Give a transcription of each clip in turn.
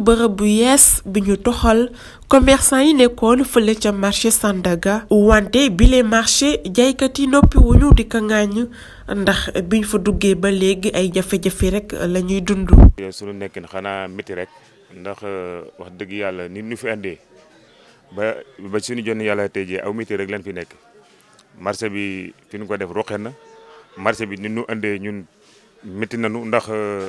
bërëb bu yees bi ñu toxal commerçant yi nekkoon fële ca marché Sandaga wante bile marché jaaykat yi noppi wuñu di ka ngaañ ndax ñu fa duggee ba léegi ay jafe-jafe rek la ñuy dund. suñu nekkin xanaa métti rek ndax euh, wax dëgg yàlla nit ñu fi andee ba ba suñu jonn yàlla tey jii aw métti rek lañ fi nekk marché bi fi ñu ko def roqe na marché bi nit ñu andee ñun métti nañu ndax. Euh,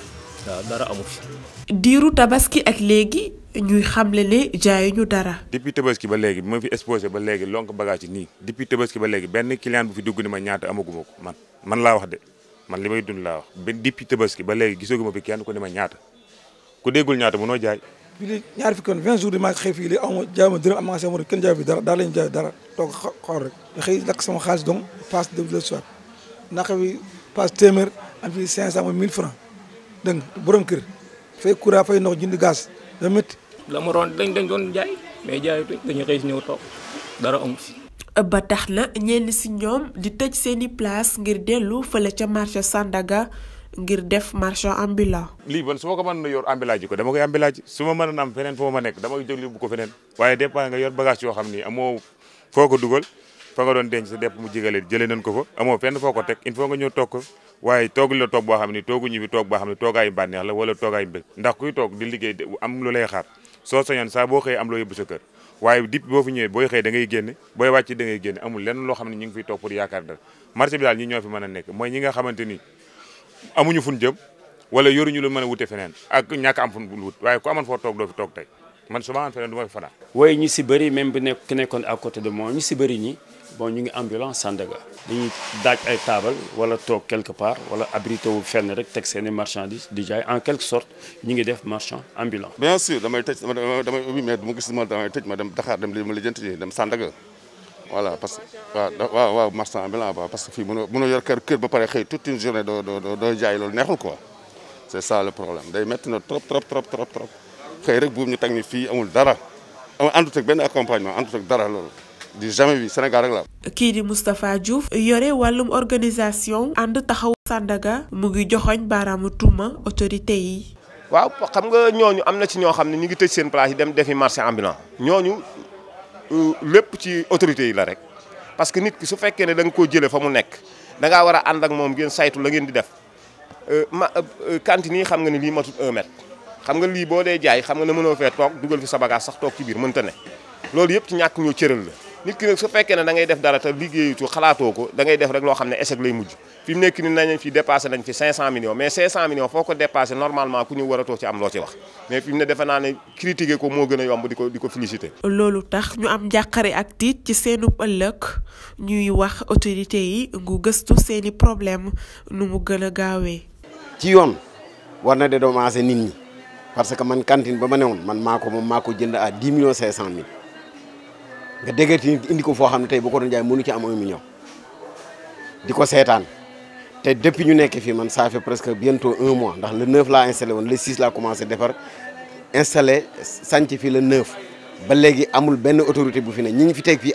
waaw dara amu fi. diiru tabaski ak léegi ñuy xamle ne jaayuñu dara. depuis tabaski ba léegi bi ma fi exposé ba léegi lonk bagage yi nii depuis tabaski ba léegi benn client bu fi dugg ni ma ñaata amaguma ko man man laa wax man li may dund laa wax benn depuis tabaski ba léegi gisaguma fi kenn ku ne ma ñaata ku déggul ñaata mënoo jaay. fii la ñaar fi kon 20 maa fii la aw ma jaay ma dërëm am naa ma kenn jaay bi dara daal lañu jaay dara toog xool rek. da xëy lakk sama xaalis donc passe de le soir naka téeméer am fi 500 mooy 1000 francs dégg nga borom kër fay courant fay ndox jënd gaz da métti la ma roon dañ dañ doon jaay mais jaayutuñ dañu xëy si ñëw toog dara amu si ba tax na ñenn si ñoom di tëj seeni place ngir dellu fële ca marché Sandaga ngir def marchand ambulant. lii man su ma ko mën na yor ambulant ji ko dama koy ambulant su ma mën a am feneen foo ma nekk dama koy jóg bu ko feneen waaye dépend nga yor bagage yoo xam ni amoo foo ko dugal foo nga doon denc sa depp mu jigale jëlee nañ ko fa amoo fenn foo ko teg il faut nga ñëw toog ko waaye toog la toog boo xam ne tooguñu fi toog boo xam ne toogaayu bànneex la wala toogaayu mbég ndax kuy toog di liggéey am lu lay xaar soo sañoon saa boo xëyee am loo yóbbu sa kër waaye dip boo fi ñëwee booy xëy da ngay génn booy wàcc da ngay génn amul lenn loo xam ne ñu ngi fiy toog pour yaakaar dara marché bi daal ñi ñoo fi mën a nekk mooy ñi nga xamante ni amuñu fun jëm wala yoruñu lu mën a wute feneen ak ñàkk am fun wut waaye ku amoon fo toog doo fi toog tey man su ma amoon feneen fi fana waaye ñu si bëri même bu nekk nekkoon à côté de moi ñu si bëri ñi ñu ngi ambulance table quelque part marchandises en quelque sorte marchand ambulant. bien sûr damay voilà parce que parce que toute une journée c'est ça le problème trop trop trop trop trop accompagnement di jamais vu Sénégal rek la. kii di Moustapha Diouf yore wàllum organisation ànd taxawu Sandaga mu ngi joxoñ baaraamu tuuma autorité yi. waaw xam nga ñooñu am na ci ñoo xam ne ñu ngi tëj seen place yi dem defi marché ambulant ñooñu euh, lépp ci autorité yi la rek parce que nit ki su fekkee ne da nga koo jëlee fa mu nekk da ngaa war ànd ak moom ngeen saytu la ngeen di def euh, ma euh, cantine yi xam nga ne lii matut un xam nga lii boo dee jaay xam nga ne mënoo fee toog dugal fi sa bagage sax toog ci biir mënta ne loolu yëpp ci ñàkk la. nit ki nag su fekkee ne dangay def dara te liggéeyutu xalaatoo ko dangay def rek loo xam ne échec lay mujj fi mu nekk ni nañ fi dépassé nañ fi 500 millions mais 500 millions foo ko dépassé normalement ku ñu waratoo ci am naa ne critiquer moo gën a yomb di ko di ko féliciter. loolu tax ñu am njàqare ak tiit ci seenub ëllëg ñuy wax autorités yi ngu gëstu seeni problème nu mu gën a gaawee. ci yoon war na dédommager nit ñi parce que man cantine ba ma newoon man maa ko moom maa ko jënd à 10 millions 500 mille. nga déggati nit indi ko foo xam ne un million di ko depuis ñu nekk fii ça fait presque bientôt un mois ndax le 9 laa installé le 6 laa commencé defar installé sànc le 9 ba léegi amul benn autorité bu fi ne ñi fi teg fii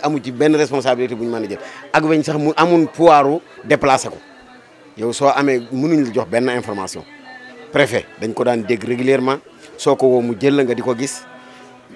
responsabilité bu ñu mën jël ak weñ sax amul pouvoiru déplacé ko yow mënuñ information préfet dañ ko daan dégg régulièrement soo ko mu jël nga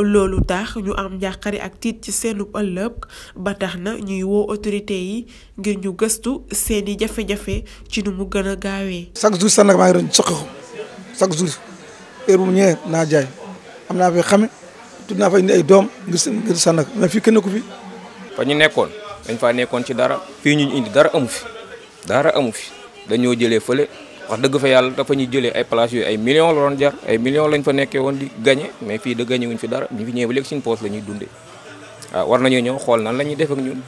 loolu tax ñu am njàqare ak tiit ci seenu ëllëg ba tax na ñuy woo autorité yi ngir ñu gëstu seeni jafe-jafe ci nu mu gën a gaawee. chaque jour sax nag maa ngi chaque jour heure bu mu ñëwee naa jaay am naa fi xame tudd naa fa indi ay doom ngir ngir sànnak mais fii kenn ku fi. fa ñu nekkoon dañ faa nekkoon ci dara fi ñu indi dara amu fi dara amu fi dañoo jëlee fële. wax dëgg fa yàlla dafa ñu jëlee ay place yooyu ay millions la doon jar ay millions lañ fa nekkee woon di gagné mais fii da gagné wuñ fi dara ñu fi ñëwee ba léegi suñu poche dundee waaw war nañoo ñëw xool nan la ñuy def ak ñun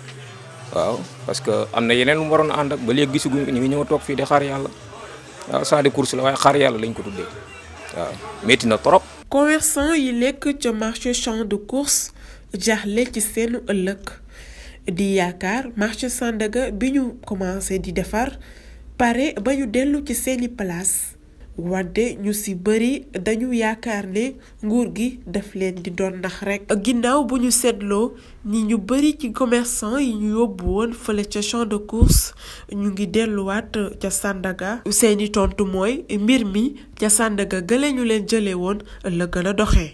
waaw parce que am na yeneen waroon a ànd ak ba léegi gisaguñ ñu ngi ñëw toog fii di xaar yàlla waaw champ de course la waaye xar yàlla lañ ko tuddee waaw métti na trop. commerçant yi nekk ca marché champ de course jaaxle ci seenu ëllëg di yaakaar marché Sandaga bi ñu commencé di defar. pare ba ñu dellu ci seeni palaas wante ñu ci bari dañu yaakaar ne nguur gi daf leen di doon ndax rekk ginnaaw bu ñu seetloo ñi ñu bari ci commerçant yi ñu yóbbu woon fële ca champ de course ñu ngi delluwaat ca Sandaga seeni tontu mooy mbir mi ca Sandaga gële ñu leen jële woon la gën a doxee